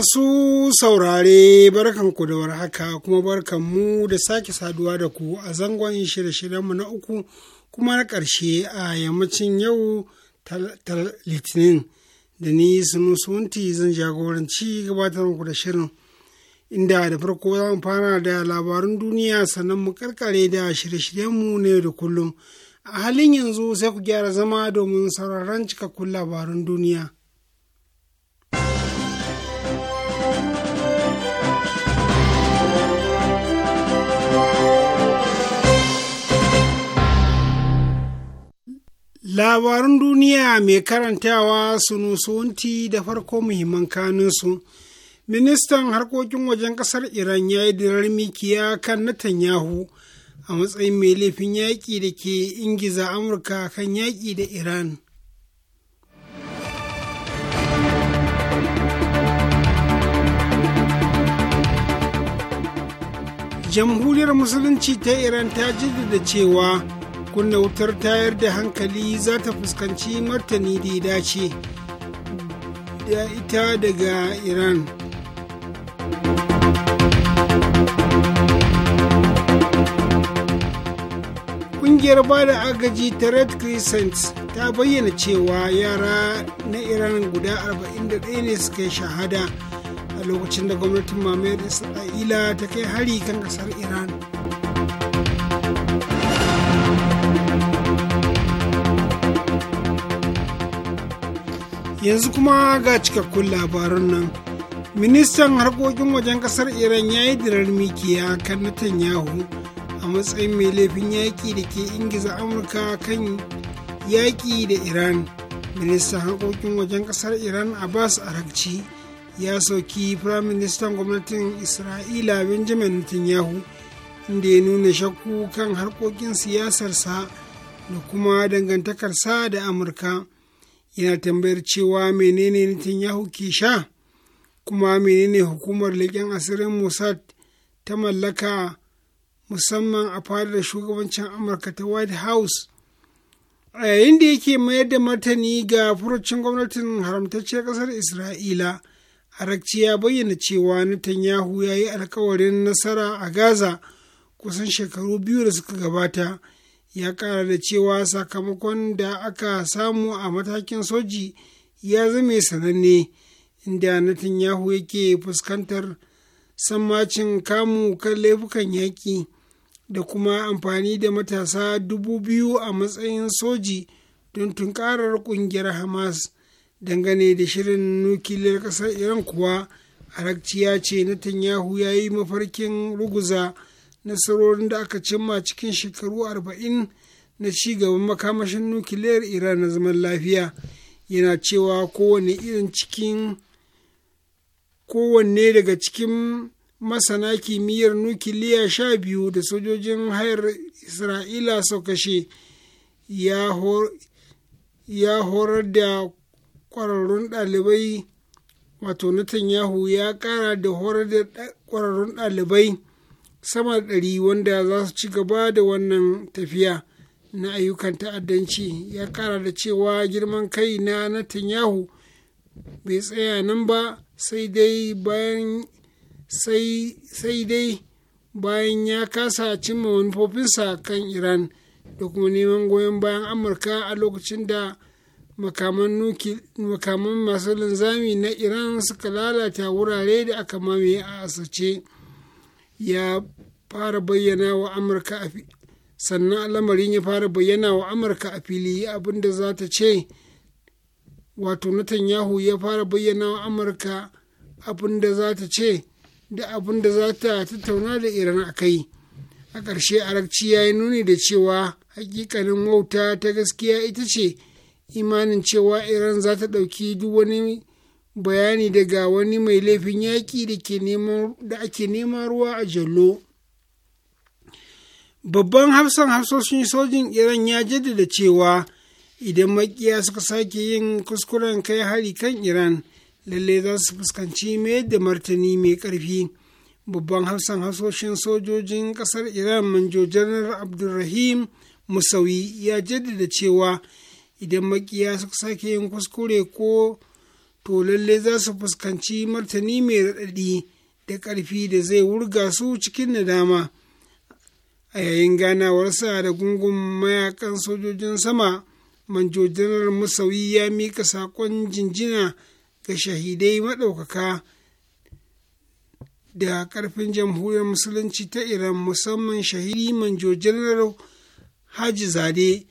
Masu saurare barkanku da warhaka kuma barkanmu da sake saduwa da ku a zangon shirye-shiryenmu na uku kuma na ƙarshe a yammacin yau litinin da ni sunti zan jagoranci gabatar muku da shirin inda da farko za mu fara da labarun duniya sannan mu karkare da shirye-shiryenmu ne da kullum a halin yanzu sai ku gyara zama domin sauraron cikakkun labarun duniya. labarun duniya mai karantawa su suwunti da farko muhimman kanunsu ministan harkokin wajen ƙasar iran ya yi dirar mikiya kan netanyahu a matsayin mai laifin yaƙi da ke ingiza amurka kan yaƙi da iran jamhuriyar musulunci ta iran ta jaddada cewa kunna wutar tayar da hankali za ta fuskanci martani da ya dace da ita daga iran ƙungiyar ba da agaji ta red crescent ta bayyana cewa yara na iran guda 41 ne suka shahada a lokacin da gwamnatin mamayar isra'ila ta kai hari kan ƙasar iran yanzu kuma ga cikakkun labarun nan ministan harkokin wajen kasar iran ya yi dirar mikiya kan netanyahu a matsayin mai laifin yaƙi da ke ingiza amurka kan yaƙi da iran ministan harkokin wajen kasar iran abbas arakci ya sauki firaministan gwamnatin isra'ila benjamin netanyahu inda ya nuna shakku kan harkokin siyasarsa da kuma dangantakarsa da amurka yana tambayar cewa menene Netanyahu ke sha kuma menene hukumar leƙen asirin Mossad ta mallaka musamman a fadar shugabancin Amurka ta White House a yayin da yake mayar da martani ga furucin gwamnatin haramtacciyar ƙasar Isra'ila Arakci ya bayyana cewa Netanyahu ya yi alkawarin nasara a Gaza kusan shekaru biyu da suka gabata ya ƙara da cewa sakamakon da aka samu a matakin soji ya zame sananne inda Netanyahu yake fuskantar sammacin kamu kan laifukan yaƙi da kuma amfani da matasa dubu biyu a matsayin soji don tunkarar ƙungiyar hamas dangane da shirin nukiliyar ƙasar iran kuwa arakciya ce Netanyahu ya yi mafarkin ruguza nasarorin da aka cimma cikin shekaru arba'in na ci gaban makamashin nukiliyar iran na zaman lafiya yana cewa kowane irin cikin kowanne daga cikin masana kimiyyar nukiliya sha biyu da sojojin hayar isra'ila sau kashe ya horar da kwararrun ɗalibai wato Netanyahu ya kara da horar da kwararrun ɗalibai sama da ɗari wanda za su ci gaba da wannan tafiya na ayyukan ta'addanci ya kara da cewa girman kai na Netanyahu bai tsaya nan ba sai dai bayan dai bayan ya kasa cimma manufofinsa kan Iran da kuma neman goyon bayan Amurka a lokacin da makaman masu linzami na Iran suka lalata wurare da aka mamaye a asace. ya fara bayyana wa amurka a sannan lamarin ya fara bayyana wa amurka a fili abinda za ta ce wato Netanyahu ya fara bayyana wa amurka abinda za ta ce da abinda za ta tattauna da iran a kai a ƙarshe arakci ya yi nuni da cewa hakikanin wauta ta gaskiya ita ce imanin cewa iran za ta ɗauki duk wani bayani daga wani mai laifin yaƙi da ake neman ruwa a jallo babban hafsan hafsoshin sojin iran ya jaddada cewa idan makiya suka sake yin kuskuren kai hari kan iran lalle za su fuskanci mai da martani mai ƙarfi babban hafsan hafsoshin sojojin ƙasar iran manjo janar abdulrahim musawi ya jaddada cewa idan makiya suka sake yin kuskure ko to lalle za su fuskanci martani mai raɗaɗi da ƙarfi da zai wurga su cikin nadama a yayin ganawarsa da gungun mayakan sojojin sama manjo janar ya mika saƙon jinjina ga shahidai maɗaukaka da ƙarfin jamhuriyar musulunci ta iran musamman shahidi manjo janar haji zade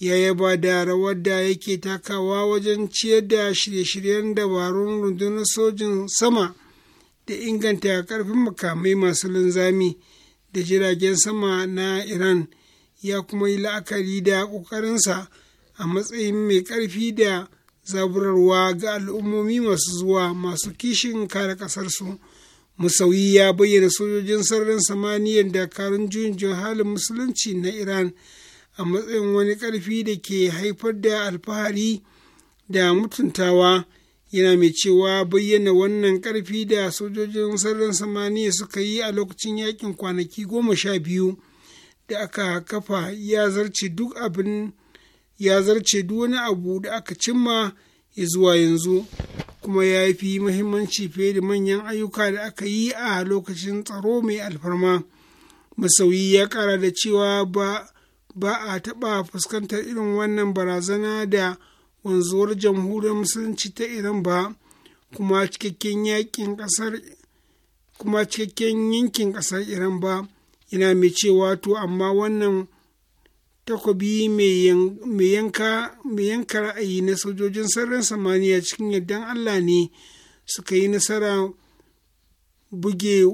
ya yaba da rawar da yake takawa wajen ciyar da shirye-shiryen dabarun rundunar sojin sama da inganta karfin makamai masu linzami da jiragen sama na iran ya kuma yi la'akari da ƙoƙarinsa a matsayin mai ƙarfi da zaburarwa ga al'ummomi masu zuwa masu kishin kare ƙasarsu musauyi ya bayyana sojojin sararin samaniyar dakarun juyin halin musulunci na iran a matsayin wani ƙarfi da ke haifar da alfahari da mutuntawa yana mai cewa bayyana wannan ƙarfi da sojojin sararin samaniya suka yi a lokacin yakin kwanaki goma sha biyu da aka kafa ya zarce duk abin ya zarce duk wani abu da aka cimma ya zuwa yanzu kuma ya fi muhimmanci fiye da manyan ayyuka da aka yi a lokacin tsaro mai alfarma masauyi ya kara da cewa ba ba a taɓa fuskantar irin wannan barazana da wanzuwar jamhuriyar musulunci ta iran ba kuma cikakken yankin ƙasar iran ba yana mai cewa to amma wannan takobi mai yanka ra'ayi na sojojin sararin samaniya cikin yardan allah ne suka yi nasara buge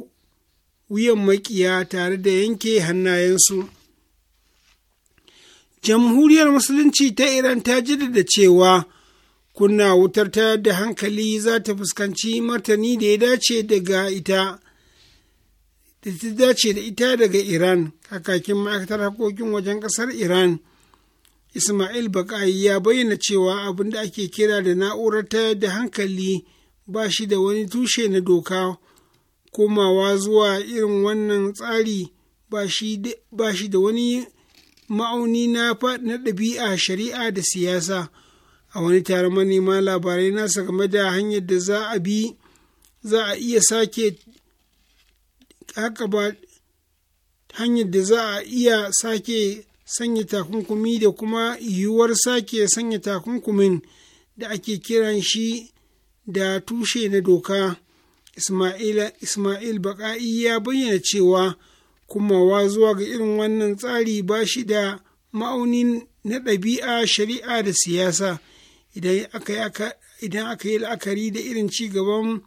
wuyan makiya tare da yanke hannayensu jamhuriyar musulunci ta iran ta jaddada cewa kunna wutar ta da hankali za ta fuskanci martani da ya dace daga ita da ta dace da ita daga iran kakakin ma'aikatar hakokin wajen ƙasar iran ismail baƙayi ya bayyana cewa abin da ake kira da na'urar ta da hankali ba shi da wani tushe na doka komawa zuwa irin wannan tsari ba shi da wani ma'auni na ɗabi'a shari'a da siyasa a wani taron manema labarai nasa game da hanyar da za a bi za a iya sake ba hanyar da za a iya sake sanya takunkumi da kuma yiwuwar sake sanya takunkumin da ake kiran shi da tushe na doka ismail baka'i ya bayyana cewa kumawa zuwa ga irin wannan tsari ba shi da ma'auni na ɗabi'a shari'a da siyasa idan aka yi la'akari da irin ci gaban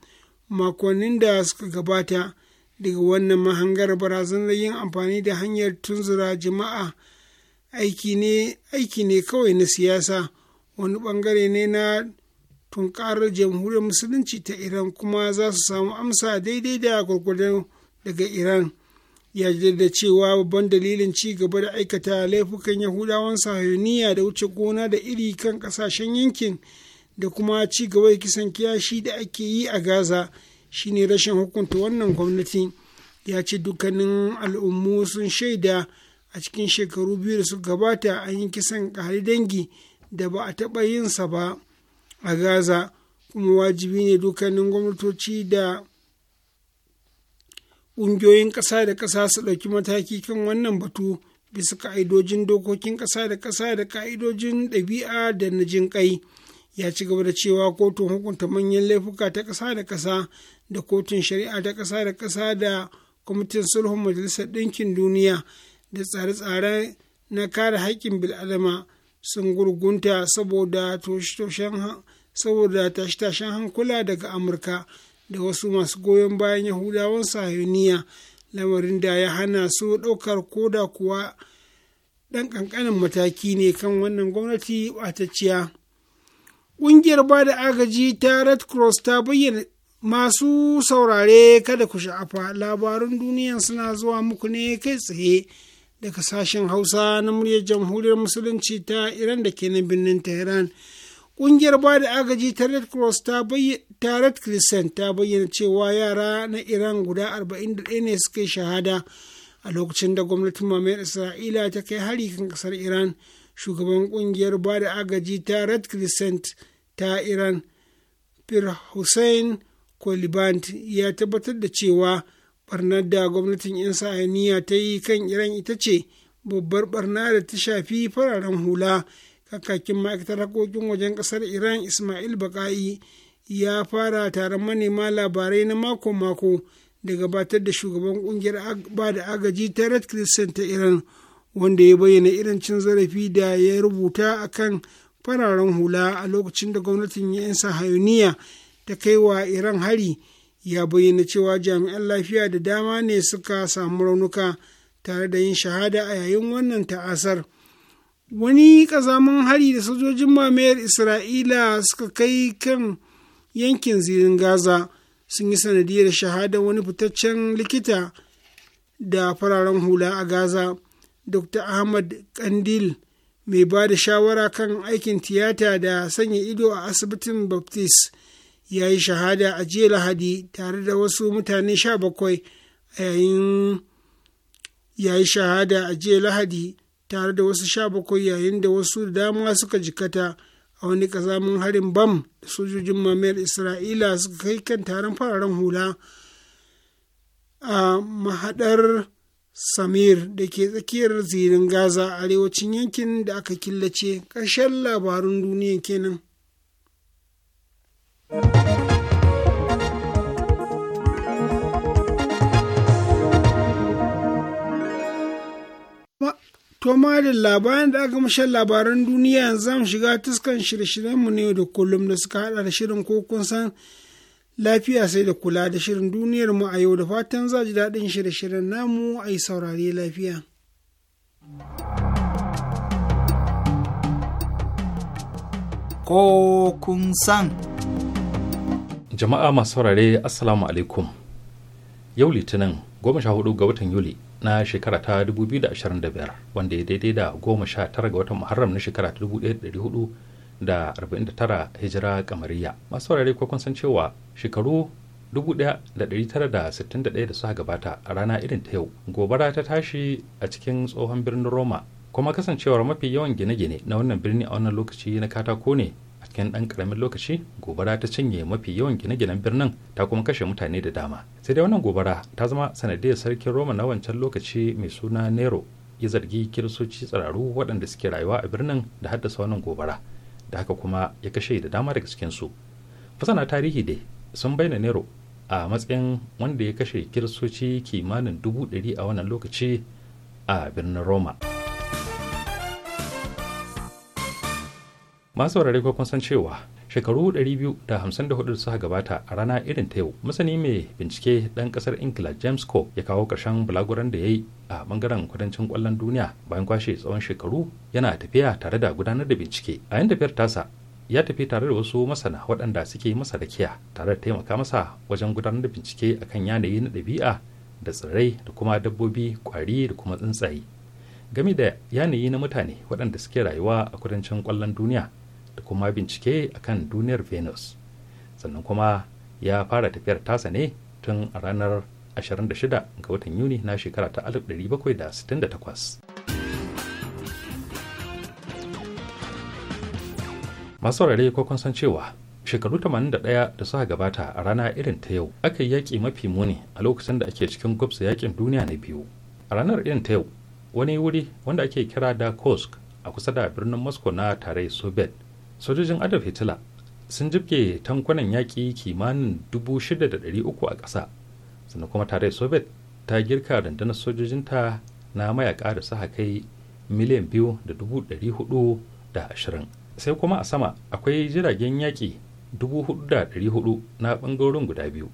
makonnin da suka gabata daga wannan mahangar barazanar yin amfani da hanyar tunzura jama'a aiki ne kawai na siyasa wani bangare ne na tunkarar jamhuriyar musulunci ta iran kuma za su samu amsa daidai da gwargwadon daga iran ya da cewa babban dalilin ci gaba da aikata laifukan yahudawan sahayoniya da wuce gona da iri kan kasashen yankin da kuma ci gaba kisan kiyashi da ake yi a gaza shine rashin hukunta wannan gwamnati ya ce dukkanin al'ummu sun shaida a cikin shekaru biyu da suka gabata a yi kisan kare dangi da ba a taɓa yinsa ba a gaza kuma wajibi ne dukkanin gwamnatoci da ƙungiyoyin ƙasa da ƙasa su ɗauki mataki kan wannan batu bisa ka'idojin dokokin ƙasa da ƙasa da ka'idojin ɗabi'a da na jin ƙai ya ci gaba da cewa kotun hukunta manyan laifuka ta ƙasa da ƙasa da kotun shari'a ta ƙasa da ƙasa da kwamitin sulhun majalisar ɗinkin duniya da tsare-tsare na kare haƙƙin bil'adama sun gurgunta saboda tashe-tashen hankula daga amurka da wasu masu goyon bayan yahudawan sahiyoniya lamarin da ya hana su ɗaukar koda kuwa ɗan ƙanƙanin mataki ne kan wannan gwamnati ɓatacciya ƙungiyar ba da agaji ta red cross ta bayyana masu saurare kada ku sha'afa labarun duniya suna zuwa muku ne kai tsaye daga sashen hausa na muryar jamhuriyar musulunci ta iran da ke nan birnin tehran ƙungiyar ba da agaji ta red cross ta bayyana tarat christian ta bayyana cewa yara na iran guda 41 ne suka shahada a lokacin da gwamnatin mamayar isra'ila ta kai hari kan kasar iran shugaban kungiyar ba da agaji ta red crescent ta iran pir hussein kolibant ya tabbatar da cewa barnar da gwamnatin yan sa'aniya ta yi kan iran ita ce babbar barna da ta shafi fararen hula kakakin ma'aikatar harkokin wajen ƙasar iran ismail baka'i ya fara taron manema labarai na mako-mako da gabatar da shugaban kungiyar ba da agaji ta red crescent ta iran wanda ya bayyana irin cin zarafi da ya rubuta a kan fararen hula a lokacin da gwamnatin 'yan sahayuniya ta kai wa iran hari ya bayyana cewa jami'an lafiya da dama ne suka samu raunuka tare da yin shahada a yayin wannan ta'asar wani ƙazamin hari da sojojin mamayar isra'ila suka kai kan yankin zirin gaza sun yi sanadiyar shahadar wani fitaccen likita da fararen hula a gaza dr ahmad kandil mai ba da shawara kan aikin tiyata da sanya ido a asibitin baptist ya yi shahada a jiya lahadi tare da wasu mutane sha yayin ya yi shahada a jiya lahadi tare da wasu sha bakwai yayin da wasu dama suka jikata a wani kazamin harin bam da sojojin mamayar isra'ila suka kai kan taron fararen hula a mahadar samir da ke tsakiyar zirin gaza arewacin yankin da aka killace ƙarshen labarun duniya kenan. To da labarin da aka mashan labaran duniya yanzu zamu shiga tuskan shirye-shiryenmu ne da kullum da suka haɗa da shirin ko kun san lafiya sai da kula da shirin duniyar mu a yau da fatan za ji daɗin shirye-shiryen namu a yi saurare lafiya. Ko kun san. Jama'a masu saurare Assalamu alaikum. Yau Litinin goma sha hudu ga watan Yuli na shekara ta 2025 wanda ya daidai da 19 ga watan muharram na shekara ta 1449 hijira kamariya masu saurare ko kun san cewa shekaru 1961 da suka gabata a rana irin ta yau gobara ta tashi a cikin tsohon birnin roma kuma kasancewar mafi yawan gine-gine na wannan birni a wannan lokaci na katako ne cikin ɗan karamin lokaci gobara ta cinye mafi yawan gine-ginen birnin ta kuma kashe mutane da dama sai dai wannan gobara ta zama sanadiyar sarkin roma na wancan lokaci mai suna nero ya zargi kiristoci tsiraru waɗanda suke rayuwa a birnin da haddasa wannan gobara da haka kuma ya kashe da dama daga cikin su fasana tarihi dai sun bayyana nero a matsayin wanda ya kashe kiristoci kimanin dubu ɗari a wannan lokaci a birnin roma. masu wurare ko kun san cewa shekaru 254 da suka gabata a rana irin ta yau masani mai bincike ɗan ƙasar ingila james cook ya kawo ƙarshen bulaguran da ya yi a bangaren kudancin kwallon duniya bayan kwashe tsawon shekaru yana tafiya tare da gudanar da bincike a yan tafiyar tasa ya tafi tare da wasu masana waɗanda suke masa rakiya tare da taimaka masa wajen gudanar da bincike akan yanayi na ɗabi'a da tsirrai da kuma dabbobi kwari da kuma tsuntsaye game da yanayi na mutane waɗanda suke rayuwa a kudancin ƙwallon duniya da kuma bincike akan duniyar venus sannan kuma ya fara tafiyar tasa ne tun a ranar 26 ga watan yuni na shekara ta 1768 masu rare ko kun san cewa shekaru 81 da suka gabata a rana irin ta yau aka yi yaƙi mafi muni a lokacin da ake cikin gwabsa yaƙin duniya na biyu a ranar irin ta yau wani wuri wanda ake kira da kosk a kusa da birnin moscow na tarayyar soviet sojojin adolf hitler sun jibge tankunan yaƙi kimanin 6,300 a ƙasa sannan kuma tare soviet ta girka rundunar sojojinta na mayaƙa da su kai miliyan 2,420 sai kuma a sama akwai jiragen yaƙi 4,400 na ɓangarorin guda biyu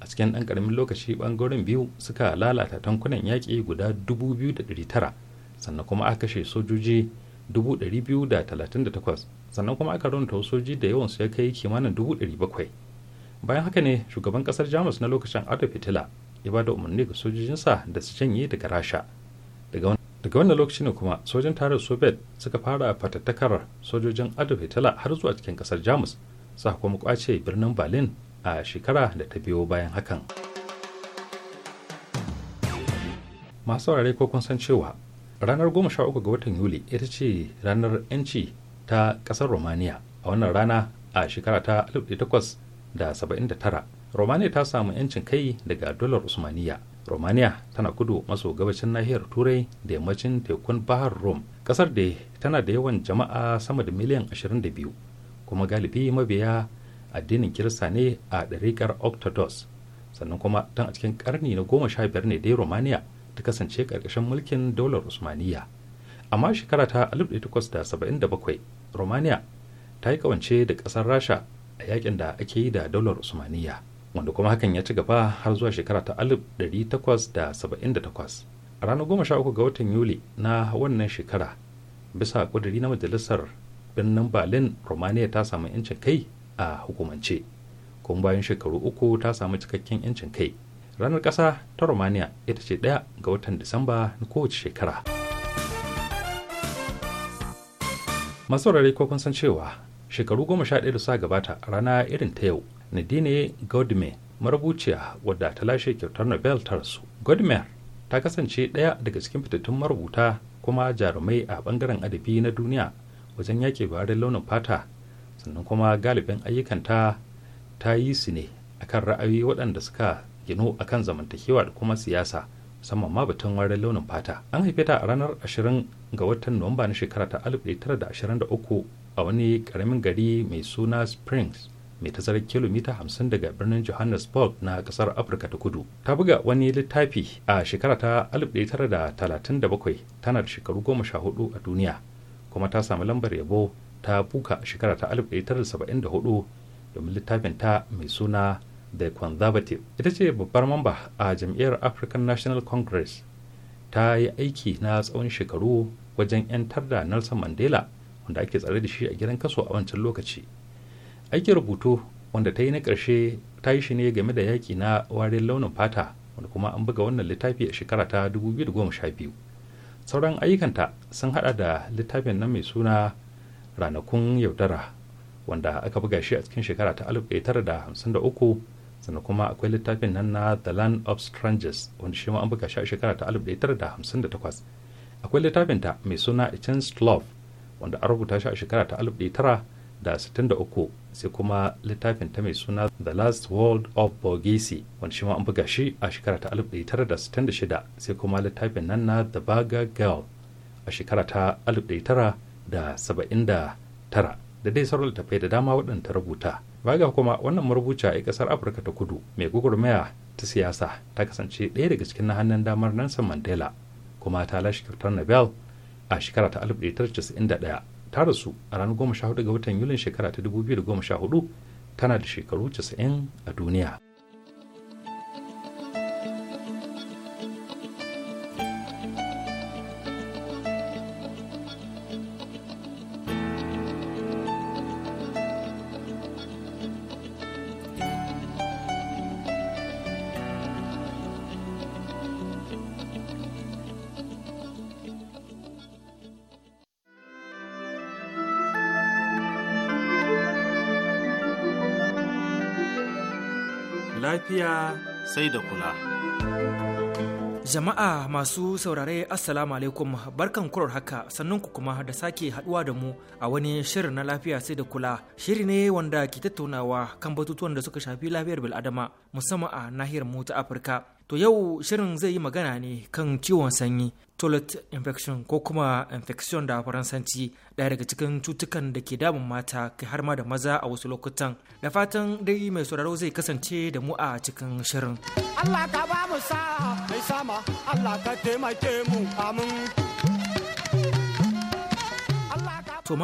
a cikin ɗan ƙaramin lokaci ɓangarorin biyu suka lalata tankunan yaƙi guda 2,900 sannan kuma aka kashe sojoji 238 sannan kuma aka runta soji da yawan su ya kai kimanin dubu ɗari bakwai bayan haka ne shugaban kasar jamus na lokacin adolf hitler ya ba da umarni ga sojojinsa da su janye daga rasha daga wannan lokaci ne kuma sojin tarar soviet suka fara fatattakar sojojin adolf hitler har zuwa cikin kasar jamus sa kuma kwace birnin berlin a shekara da ta biyo bayan hakan masu saurare ko kun san cewa ranar uku ga watan yuli ita ce ranar 'yanci ta ƙasar romania a wannan rana a shekara ta 1879 romania ta samu 'yancin kai daga dolar usmaniya romania tana kudu maso gabashin nahiyar turai da yammacin tekun bahar rome ƙasar da tana da yawan jama'a sama da miliyan 22 kuma galibi mabiya addinin kirista ne a ɗariƙar octodos sannan kuma tun a cikin ƙarni na goma sha biyar ne dai romania ta kasance ƙarƙashin mulkin daular usmaniya amma shekara ta 1877 romania ta yi kawance da ƙasar rasha a yakin da ake yi da daular usmaniya wanda kuma hakan ya ci gaba har zuwa shekara ta 1878 a ranar 13 ga watan yuli na wannan shekara bisa ƙuduri na majalisar birnin berlin romania ta samu 'yancin kai a hukumance kuma bayan shekaru uku ta samu cikakken 'yancin kai ranar ƙasa ta romania ita ce ɗaya ga watan disamba na kowace shekara. masu ko kun san cewa shekaru goma sha ɗaya da suka gabata rana irin ta yau nadine godmer marubuciya wadda ta lashe kyautar nobel ta rasu godmer ta kasance ɗaya daga cikin fitattun marubuta kuma jarumai a ɓangaren adabi na duniya wajen yaƙi barin launin fata sannan kuma galibin ayyukanta ta yi su ne akan ra'ayoyi waɗanda suka gino akan zamantakewa da kuma siyasa musamman ma batun warin launin fata an haife ta a ranar 20 ga watan nuwamba na shekara ta 1923 a wani karamin gari mai suna springs mai tazarar kilomita 50 daga birnin johannesburg na kasar afirka ta kudu ta buga wani littafi a shekara ta 1937 tana da shekaru 14 a duniya kuma ta sami lambar yabo ta buka shekara ta 1974 domin littafin ta mai suna da conservative ita ce babbar mamba a jam'iyyar african national congress ta yi aiki na tsawon shekaru wajen 'yantar da nelson mandela wanda ake tsare da shi a gidan kaso a wancan lokaci aikin rubutu wanda ta yi na ƙarshe ta yi shi ne game da yaƙi na warin launin fata wanda kuma an buga wannan littafi a shekara ta 2012 sauran ayyukanta sun hada da littafin nan mai suna ranakun yaudara wanda aka buga shi a cikin shekara ta 1953 sannan kuma akwai littafin nan na the land of strangers wanda shi ma an buga shi a shekara ta 1958 akwai littafin ta mai suna a chance love wanda an rubuta shi a shekara ta 1963 sai kuma littafin ta mai suna the last world of borghese wanda shi ma an buga shi a shekara ta 1966 sai kuma littafin nan na the Bagger girl a shekara ta 1979 da dai sauran littafai da dama waɗanda ta rubuta baga kuma wannan marubuciya a kasar afirka ta kudu mai gugurmaya ta siyasa ta kasance ɗaya daga cikin na hannun damar nelson mandela kuma ta lashe kyautar nobel a shekara ta 1991 ta rasu a ranar 14 ga watan yulin shekara ta 2014 tana da shekaru 90 a duniya sai da kula. Jama'a masu saurare Assalamu alaikum barkan kurar haka sannan ku kuma da sake haduwa da mu a wani shirin na lafiya sai da kula shiri ne wanda ke tattaunawa kan batutuwan da suka shafi lafiyar bil'adama musamman a nahiyar mu ta Afirka. To yau shirin zai yi magana ne kan ciwon sanyi, toilet infection ko kuma infection da faransanci ɗaya daga cikin cutukan da ke damun mata kai har ma da maza a wasu lokutan. Da fatan dai mai sauraro zai kasance da mu a cikin shirin. Allah ka ba mu sa mai sama, Allah ka taimake mu amin. To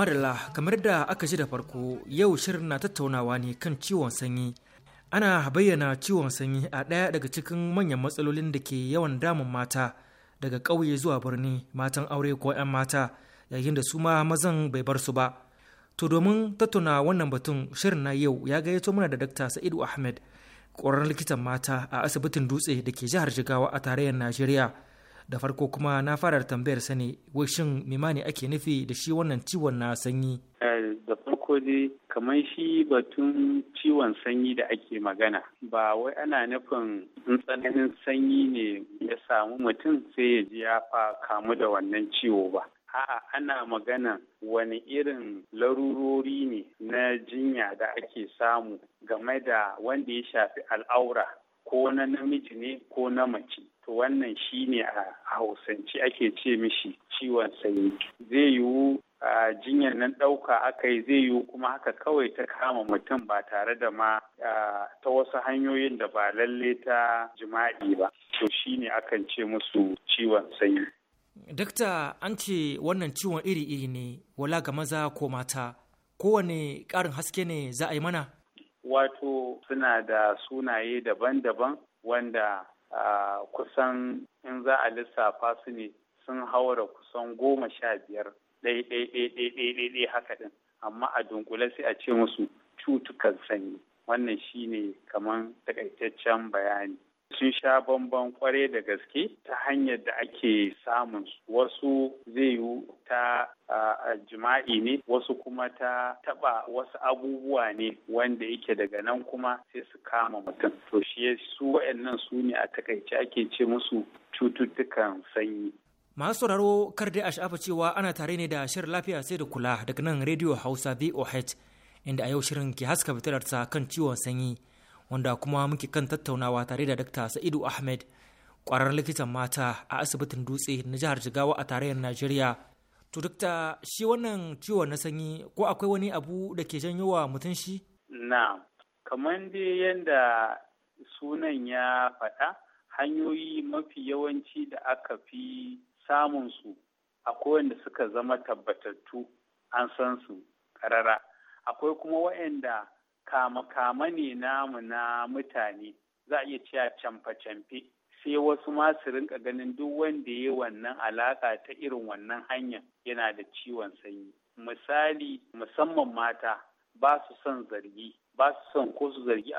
kamar da aka ji da farko yau shirin na tattaunawa ne kan ciwon sanyi. ana bayyana ciwon sanyi a ɗaya daga cikin manyan matsalolin da ke yawan damun mata daga ƙauye zuwa birni matan aure ko 'yan mata yayin da su ma mazan bai bar su ba to domin tattauna wannan batun shirin na yau ya gayyato mana da dr sa'idu ahmed ƙwararren likitan mata a asibitin dutse da ke jihar jigawa a tarayyar najeriya da farko kuma na fara tambayar sani wai shin mimani ake nufi da shi wannan ciwon na sanyi eh, farko dai kamar shi batun ciwon sanyi da ake magana ba wai ana nufin in tsananin sanyi ne ya samu mutum sai ya ji ya fa kamu da wannan ciwo ba A'a ana magana wani irin larurori ne na jinya da ake samu game da wanda ya shafi al'aura ko na namiji ne ko na mace. To wannan shi ne a hausance ake ce mishi ciwon sanyi. Zai yiwu jinyar nan ɗauka aka yi zai yiwu kuma haka kawai ta kama mutum ba tare da ma ta wasu hanyoyin da ba lalle ta jima'i ba to shine akan ce musu ciwon sanyi dakta an ce wannan ciwon iri-iri ne wala ga maza ko mata kowane ƙarin haske ne za a yi mana wato suna da sunaye daban-daban wanda kusan in za a lissafa su ne sun haura kusan goma sha biyar ɗai haka ɗin amma a dunkule sai a ce musu cutukan sanyi wannan shine kamar takaitaccen bayani sun sha bamban kware da gaske ta hanyar da ake samun wasu zai yi ta jima'i ne wasu kuma ta taɓa wasu abubuwa ne wanda yake daga nan kuma sai su kama mutum to shi su waɗannan su a takaice ake ce musu cututtukan sanyi Masu sauraro kar dai a sha'afa cewa ana tare ne da shirin lafiya sai da kula daga nan Radio Hausa VOH inda a yau shirin ke haska fitilarsa kan ciwon sanyi wanda kuma muke kan tattaunawa tare da Dr. Sa'idu Ahmed kwarar likitan mata a asibitin dutse na jihar Jigawa a tarayyar Najeriya. To Dr. shi wannan ciwon na sanyi ko akwai wani abu da ke janyo wa mutum shi? Na, kamar dai yadda sunan ya faɗa hanyoyi mafi yawanci da aka fi Samun samunsu akwai wanda suka zama tabbatattu an san su karara akwai kuma waɗanda kama-kama ne namu na mutane za a iya cewa camfe-camfe sai wasu ma su rinka ganin duk wanda ya wannan alaƙa ta irin wannan hanyar yana da ciwon sanyi misali musamman mata ba su son zargi ba su son ko su zargi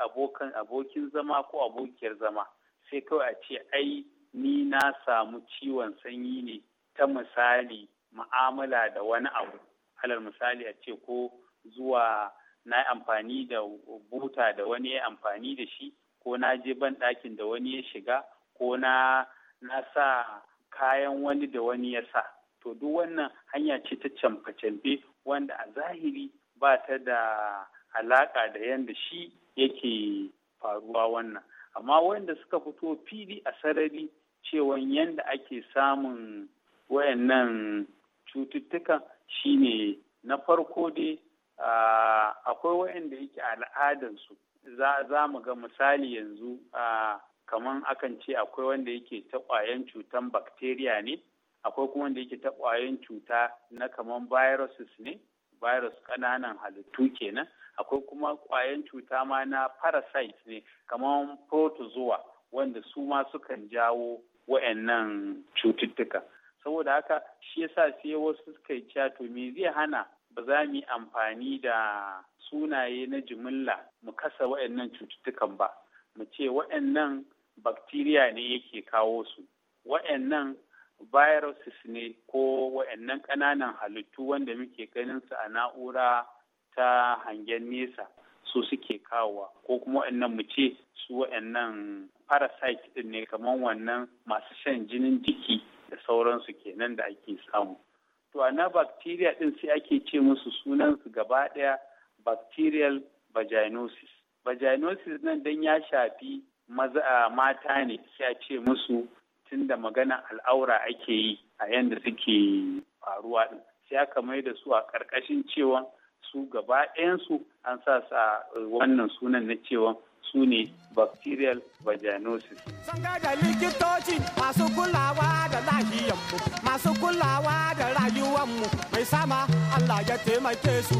abokin zama ko abokiyar zama sai kawai a ce ai ni na samu ciwon sanyi ne ta misali ma'amala da wani abu halar misali a ce ko zuwa na amfani da buta da wani ya amfani da shi ko na je ban ɗakin da wani ya shiga ko na na sa kayan wani da wani ya sa to duk wannan hanya ce ta camfa camfe wanda a zahiri ba ta da alaƙa da yadda shi yake faruwa wannan amma wanda suka fito fili a sarari cewa yadda ake samun wayannan cututtukan shine na farko dai akwai wayanda yake al'adansu za mu ga misali yanzu kamar akan ce akwai wanda yake ta ƙwayan cutan bakteriya ne akwai kuma wanda yake ta ƙwayan cuta na kamar viruses ne virus ƙananan halittu kenan akwai kuma kwayan cuta ma na parasite ne kamar protozoa wanda su ma sukan jawo wa'annan cututtuka saboda haka shi yasa sai wasu suka yi to me zai hana ba za mu yi amfani da sunaye na jimilla mu kasa wa'annan cututtukan ba mu ce wa'annan bakteriya ne yake kawo su wa'annan viruses ne ko wa'annan ƙananan halittu wanda muke ganin su a na'ura ta hangen nesa su suke kawowa ko kuma wa'annan mu ce su wa'annan parasite din ne kamar wannan masu shan jinin jiki da sauransu kenan da ake samu to na bacteria din sai ake ce musu sunansu gaba ɗaya bacterial vaginosis vaginosis nan dan ya shafi maza mata ne sai a ce musu tunda magana al'aura ake yi a yanda suke faruwa din. sai aka mai da su a ƙarƙashin cewa su gaba ɗayansu an sa sa eh, wannan sunan na cewa su ne bacterial vaginosis. Zanga da likitoci masu kulawa da lahiyanmu, masu kulawa da rayuwanmu mai sama Allah ya taimake su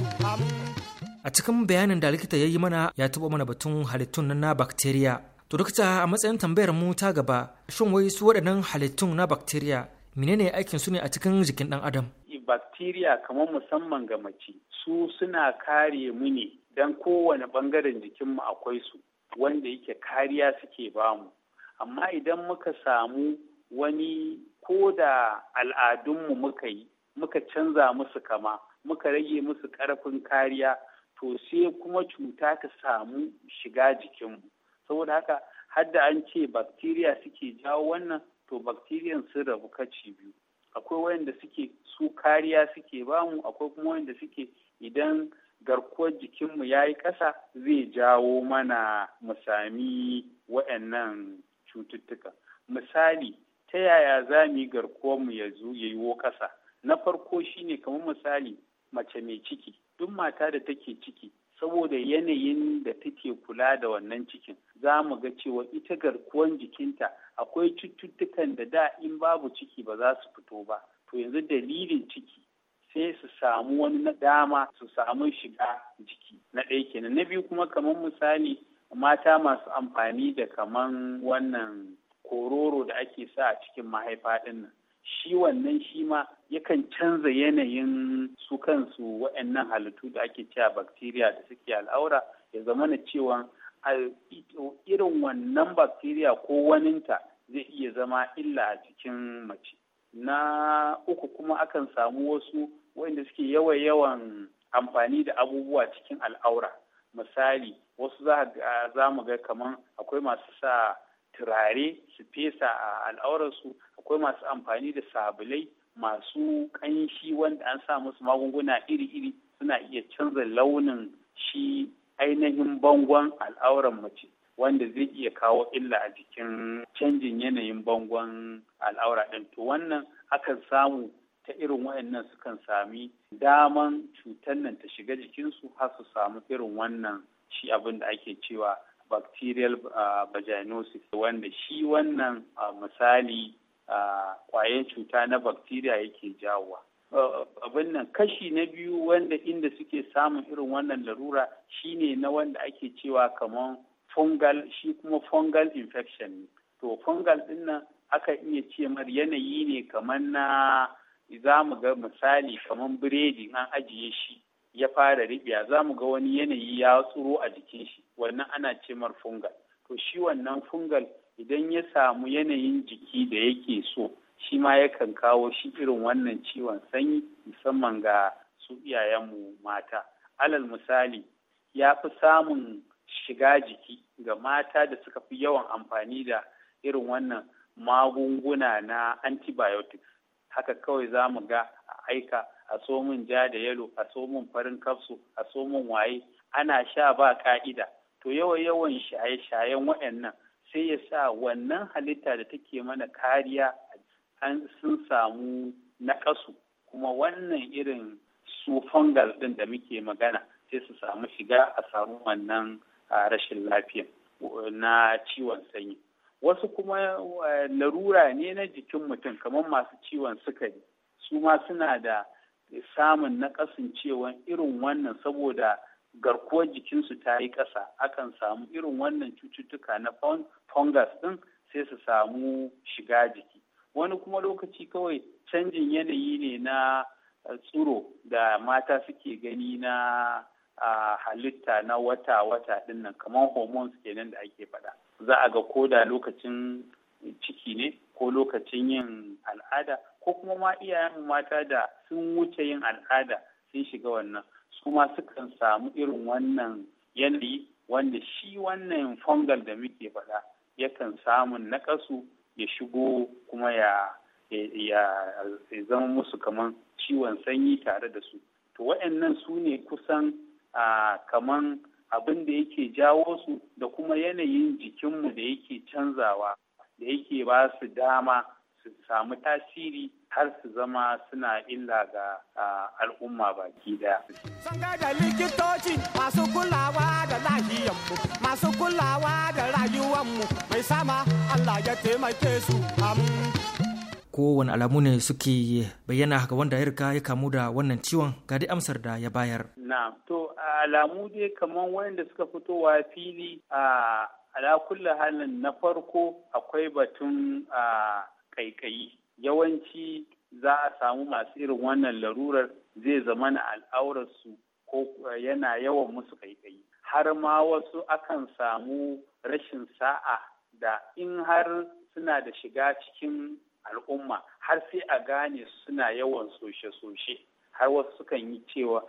A cikin bayanin da likita ya yi mana ya taɓa mana batun halittun na bacteria. To dokta a matsayin tambayar mu ta gaba, shin wai su waɗannan halittun na bacteria menene aikin su ne a cikin jikin ɗan adam? bacteria kamar musamman ga mace su suna kare mu ne don kowane ɓangaren jikinmu akwai su wanda yake kariya suke bamu amma idan muka samu wani ko da al'adunmu muka yi muka canza musu kama muka rage musu ƙarfin kariya to sai kuma cuta ta samu shiga jikinmu saboda haka hadda an ce bakteriya suke jawo wannan to bakteriyan sun rabu kaci biyu akwai wayanda suke su kariya suke bamu akwai kuma wayanda suke idan garkuwar jikinmu ya yi ƙasa zai jawo mana mu sami wayannan cututtuka misali ta yaya za mu yi garkuwarmu ya yiwo ƙasa na farko shine kamar misali mace mai ciki duk mata da take ciki saboda yanayin da take kula da wannan cikin za mu ga cewa ita garkuwan jikinta akwai cututtukan da da in babu ciki ba za su fito ba to yanzu dalilin ciki sai su samu wani dama su samu shiga jiki na ɗaya kenan na biyu kuma kamar misali mata masu amfani da kaman wannan kororo da ake sa a cikin mahaifa ɗin nan shi wannan shi ma yakan canza yanayin su kansu wa'annan halittu da ake cewa bacteria da suke al'aura ya zama na cewa irin wannan bacteria ko waninta zai iya zama illa a cikin mace na uku kuma akan samu wasu waɗanda suke yawan yawan amfani da abubuwa cikin al'aura misali wasu za mu ga kamar akwai masu sa turare su fesa a al'aurarsu akwai masu amfani da sabulai masu ƙanshi wanda an sa musu magunguna iri-iri suna iya canza launin shi ainihin bangon al'auran mace wanda zai iya kawo illa a jikin canjin yanayin bangon al'aura ɗin to wannan akan samu ta irin waɗannan sukan sami daman cutar nan ta shiga jikinsu har su samu irin wannan shi abin da ake cewa bacterial uh, vaginosis wanda shi wannan uh, misali uh, kwayan cuta na bacteria yake jawowa. abin nan kashi na biyu wanda inda suke samun irin wannan larura shine na wanda ake cewa kamar fungal shi kuma fungal infection ne to fungal din nan aka iya ce mar yanayi ne kamar na za mu ga misali kamar biredi an ajiye shi ya fara ribiya za mu ga wani yanayi ya tsuro a jikin shi wannan ana ce mar fungal to shi wannan fungal idan ya samu yanayin jiki da yake so shi ma yakan kawo shi irin wannan ciwon sanyi musamman ga su iyayenmu mata alal misali ya fi samun shiga jiki ga mata da suka fi yawan amfani da irin wannan magunguna na antibiotics haka kawai za mu ga a aika a somin ja da yalo a somin farin kafsu a somin waye ana sha ba ka'ida to yawan yawan shaye-shayen waɗannan sai ya sa wannan halitta da take mana kariya an sun samu naƙasu kuma wannan irin su fungal ɗin da muke magana sai su samu shiga a samu wannan rashin lafiya na ciwon sanyi wasu kuma larura ne na jikin mutum kamar masu ciwon sukari su ma suna da samun naƙasun cewa irin wannan saboda garkuwar jikinsu ta yi ƙasa akan samu irin wannan cututtuka na fungus ɗin sai su samu shiga jiki wani kuma lokaci kawai canjin yanayi ne na eh, tsuro da mata suke gani na ah, halitta na wata-wata ɗin nan kamar hormones kenan da ake faɗa za a ga ko da lokacin ciki ne ko lokacin yin al'ada ko kuma ma iyayen mata da sun wuce yin al'ada sun shiga wannan su ma sukan samu irin wannan yanayi wanda shi wannan fungal da muke faɗa yakan samun nakasu ya shigo kuma ya zama musu kaman ciwon sanyi tare da su to waɗannan su ne kusan kaman abin da yake jawo su da kuma yanayin jikinmu da yake canzawa da yake ba su dama su samu tasiri har su zama suna illa ga al'umma baki daya. Sun da likitoci masu kulawa da lahiyanmu, masu kulawa da rayuwanmu mai sama Allah ya taimake su Kowane alamu ne suke bayyana ga wanda ya riga ya kamu da wannan ciwon ga dai amsar da ya bayar. Na, to alamu dai kamar wanda suka fitowa fili a ala hali halin na farko akwai batun a ƙaiƙayi yawanci za a samu masu irin wannan larurar zai zama na al'aurarsu ko yana yawan musu ƙaiƙayi har ma wasu akan samu rashin sa'a da in har suna da shiga cikin al'umma har sai a gane suna yawan soshe-soshe har wasu sukan yi cewa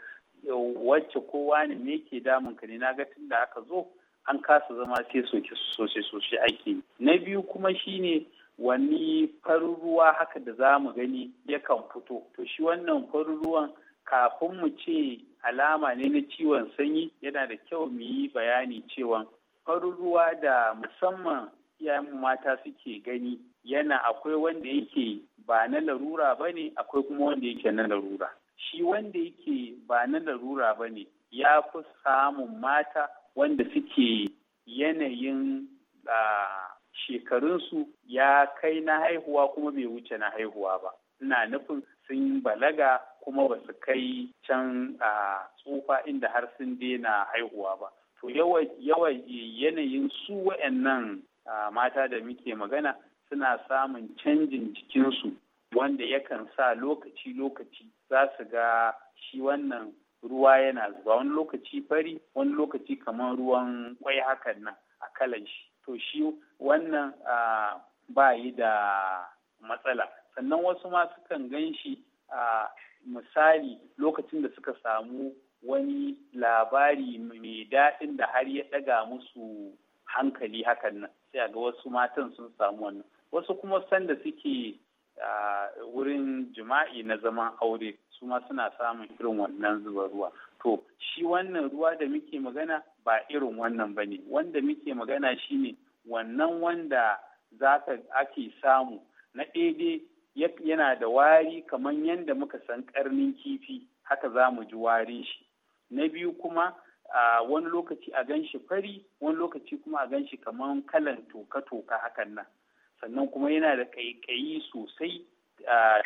wacce kowa ne me ke damun ka ne na ga tun da aka zo an kasa zama sai soke soshe soshe ake na biyu kuma shine wani farin ruwa haka da za mu gani yakan fito to shi wannan farin ruwan kafin mu ce alama ne na ciwon sanyi yana da kyau mu yi bayani cewa farin ruwa da musamman iyayen mata suke gani yana akwai wanda yake ba na larura ba ne akwai kuma wanda yake na larura shi wanda yake ba na larura ba ne ya fi samun mata wanda suke yanayin uh, shekarunsu ya kai na haihuwa kuma bai wuce na haihuwa ba ina nufin sun balaga kuma ba su kai can a tsufa inda har sun daina haihuwa ba to yawa yanayin su wa'annan mata da muke magana suna samun canjin jikinsu wanda yakan sa lokaci-lokaci za su ga shi wannan ruwa yana zuba wani lokaci fari wani lokaci kamar ruwan kwai hakan nan a kalan shi to shi wannan ba yi da matsala sannan wasu ma sukan gan shi a misali lokacin da suka samu wani labari mai daɗin da har ya ɗaga musu hankali hakan nan sai ga wasu matan sun samu wannan wasu kuma sanda suke wurin jima'i na zaman aure su ma suna samun irin wannan zuba ruwa to shi wannan ruwa da muke magana ba irin wannan ba ne wanda muke magana shine wannan wanda za ka ake samu na ɗaiɗe yana da wari kamar yadda muka san ƙarnin kifi haka za mu ji warin shi na biyu kuma a wani lokaci a gan shi fari wani lokaci kuma a gan shi kamar kalan toka-toka hakan nan sannan kuma yana da ƙaiƙayi sosai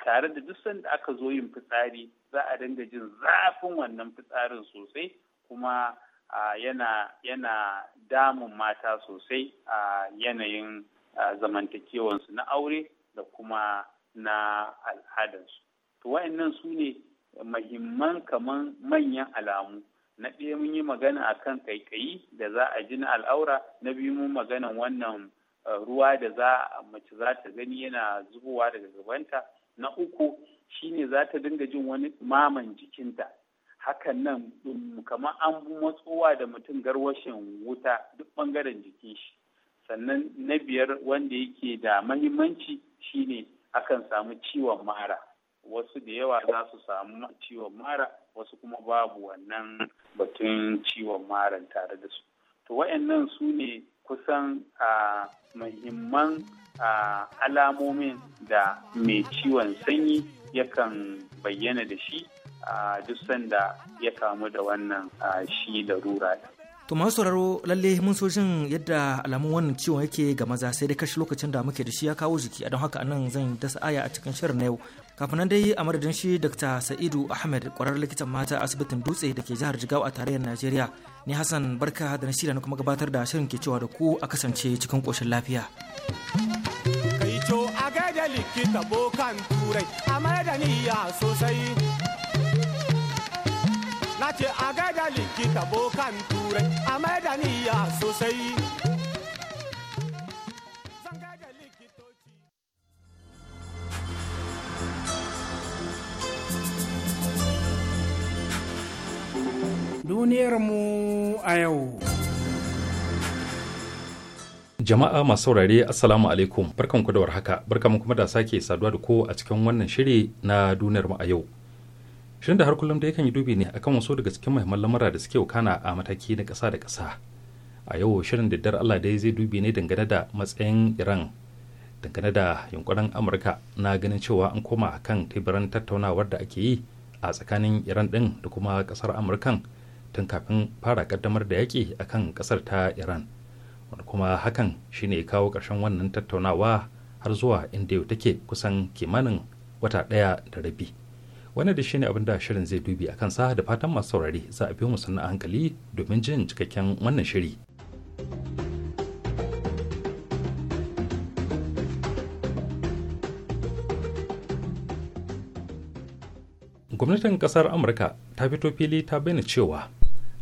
tare da duk sanda aka zo yin fitsari za a dinga jin zafin wannan fitsarin sosai kuma yana yana damun mata sosai a yanayin zamantakewansu na aure da kuma na al'adansu to wa'annan su ne mahimman kamar manyan alamu na ɗaya mun yi magana a kan kaikayi da za a ji na al'aura na biyu mun magana wannan ruwa da za mace za ta gani yana zubowa daga gabanta na uku shine za ta dinga jin wani maman jikinta hakan nan um, kamar an matsowa da mutum garwashin wuta duk bangaren jikin shi sannan na biyar wanda yake da mahimmanci shine akan samu ciwon mara wasu da yawa za su samu ciwon mara wasu kuma babu wannan batun ciwon maran tare da su to wayannan su ne kusan a muhimman alamomin da mai ciwon sanyi yakan bayyana da shi a duk sanda ya kamu da wannan shi da rura To masu sauraro lalle mun so jin yadda alamun wannan ciwon yake ga maza sai dai kashi lokacin da muke da shi ya kawo jiki a don haka anan zan dasa aya a cikin shirin na yau. Kafin nan dai a madadin shi Dr. Sa'idu Ahmed kwarar likitan mata a asibitin Dutse da ke jihar Jigawa a tarayyar Najeriya. Ni Hassan Barka da na shirya na kuma gabatar da shirin ke cewa da ku a kasance cikin koshin lafiya. Kai a gaida likita bokan turai a ya sosai na ce a gaida likita bokan turai a maidaniya da niyya sosai Duniyarmu a yau. Jama'a masu saurare Assalamu alaikum barkanku da warhaka barkanku kuma da sake saduwa da ko a cikin wannan shiri na duniyarmu a yau. shirin da har kullum da yakan yi dubi ne akan wasu daga cikin muhimman lamura da suke wakana a mataki na kasa da kasa a yau shirin daddar allah dai zai dubi ne dangane da matsayin iran dangane da yunkurin amurka na ganin cewa an koma kan teburan tattaunawar da ake yi a tsakanin iran din da kuma kasar amurkan tun kafin fara kaddamar da yaƙi akan kan ƙasar ta iran wanda kuma hakan shine kawo ƙarshen wannan tattaunawa har zuwa inda yau take kusan kimanin wata ɗaya da rabi. wannan da shine abin da shirin zai dubi a kansa da fatan masu saurari za a bi mu sannan hankali domin jin cikakken wannan shiri gwamnatin kasar amurka ta fito fili ta bayyana cewa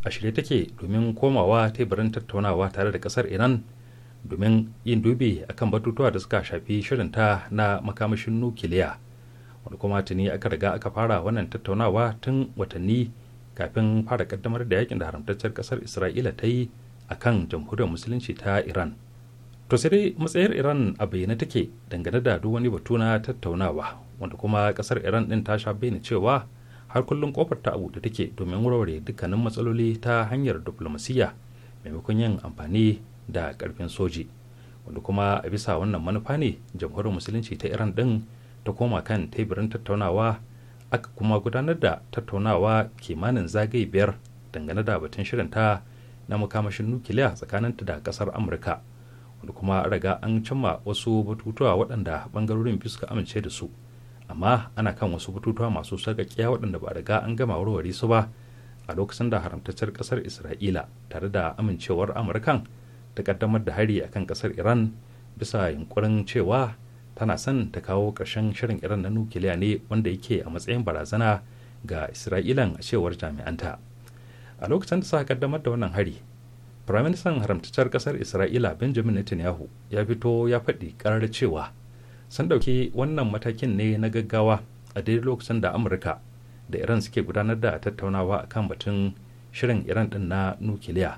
a shirye take domin komawa teburin tattaunawa tare da kasar iran domin yin dubi akan batutuwa da suka shafi shirinta na makamashin nukiliya wani kuma tuni aka riga aka fara wannan tattaunawa tun watanni kafin fara kaddamar da yakin da haramtaccen kasar isra'ila ta yi a kan jamhuriyar musulunci ta iran to sai dai matsayar iran a bayyane take dangane da duk wani batu na tattaunawa wanda kuma kasar iran din ta sha bayyana cewa har kullum kofar ta abu da take domin warware dukkanin matsaloli ta hanyar diflomasiyya maimakon yin amfani da karfin soji wanda kuma a bisa wannan manufa ne jamhuriyar musulunci ta iran din ta koma kan teburin tattaunawa aka kuma gudanar da tattaunawa kimanin zagaye biyar dangane da batun shirinta na makamashin nukiliya tsakaninta da kasar amurka wanda kuma raga an cimma wasu batutuwa waɗanda bangarorin biyu suka amince da su amma ana kan wasu batutuwa masu sarƙaƙiya waɗanda ba riga an gama warware su ba a lokacin da haramtaccen ƙasar isra'ila tare da amincewar amurkan ta ƙaddamar da hari akan ƙasar iran bisa yunkurin cewa tana son ta kawo ƙarshen shirin iran na nukiliya ne wanda yake a matsayin barazana ga isra'ilan a cewar jami'anta a lokacin da suka kaddamar da wannan hari firaministan haramtacciyar ƙasar isra'ila benjamin netanyahu ya fito ya faɗi ƙarar cewa sun ɗauki wannan matakin ne na gaggawa a daidai lokacin da amurka da iran suke gudanar da tattaunawa kan batun shirin iran din na nukiliya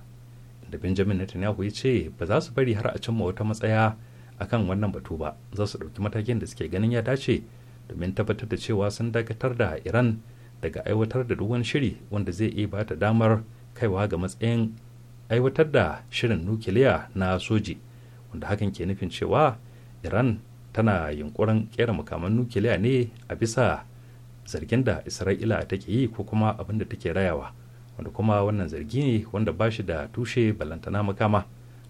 da benjamin netanyahu ya ce ba za su bari har a cimma wata matsaya akan wannan batu ba za su ɗauki matakin da suke ganin ya dace domin tabbatar da cewa sun dakatar da iran daga aiwatar da duwan shiri wanda zai iya bata damar kaiwa ga matsayin aiwatar da shirin nukiliya na soji wanda hakan ke nufin cewa iran tana yunkurin kera makaman nukiliya ne a bisa zargin da isra'ila take yi ko kuma abin da take rayawa wanda kuma wannan zargi ne wanda ba shi da tushe balantana makama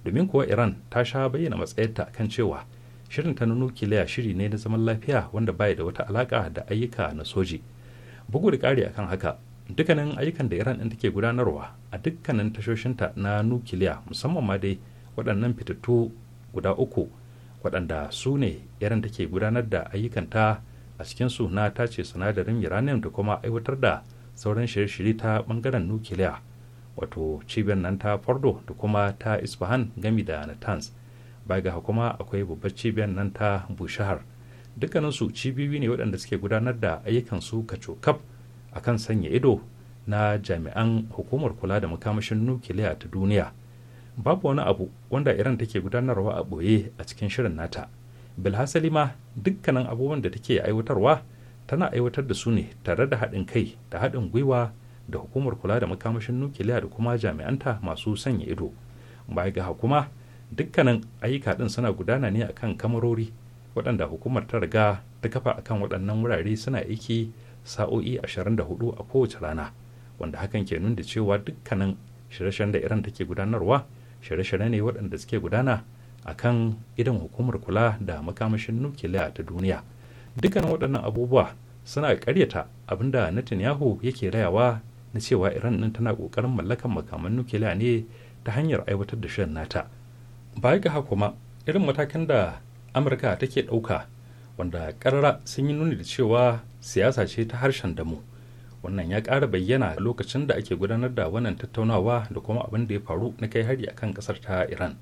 domin kuwa iran ta sha bayyana matsayarta kan cewa shirin ta na nukiliya shiri ne na zaman lafiya wanda baya da wata alaka da ayyuka na soji bugu da ƙari akan haka dukkanin ayyukan da iran ɗin take gudanarwa a dukkanin tashoshinta na nukiliya musamman ma dai waɗannan fitattu guda uku waɗanda su ne iran take gudanar da ayyukanta a cikinsu na tace sinadarin uranium da kuma aiwatar da sauran shirye-shirye ta ɓangaren nukiliya wato cibiyar nan ta fardo da kuma ta isfahan gami da natanz ba ga kuma akwai babbar cibiyar nan ta bushahar dukkaninsu cibiyoyi ne waɗanda suke gudanar da ayyukan su kacokaf kaf akan sanya ido na jami'an hukumar kula da makamashin nukiliya ta duniya babu wani abu wanda iran take gudanarwa a ɓoye a cikin shirin nata bilhassali ma dukkanin abubuwan da take aiwatarwa tana aiwatar da su ne tare da haɗin kai da haɗin gwiwa da hukumar kula da makamashin nukiliya da kuma jami'anta masu sanya ido baya ga hukuma dukkanin ayyuka din suna gudana ne akan kamarori waɗanda hukumar ta riga ta kafa akan waɗannan wurare suna aiki sa'o'i 24 a kowace rana wanda hakan ke nuna cewa dukkanin shirye-shiryen da iran take gudanarwa shirye-shirye ne waɗanda suke gudana akan idan hukumar kula da makamashin nukiliya ta duniya dukkanin waɗannan abubuwa suna karyata abinda Netanyahu yake rayawa na cewa iran nan tana kokarin mallakar makaman nukiliya ne ta hanyar aiwatar da shirin nata baya ga kuma irin matakan da amurka take ɗauka wanda karara sun yi nuni da cewa siyasa ce ta harshen damu wannan ya ƙara bayyana lokacin da ake gudanar da wannan tattaunawa da kuma abin da ya faru na kai hari akan ƙasar ta iran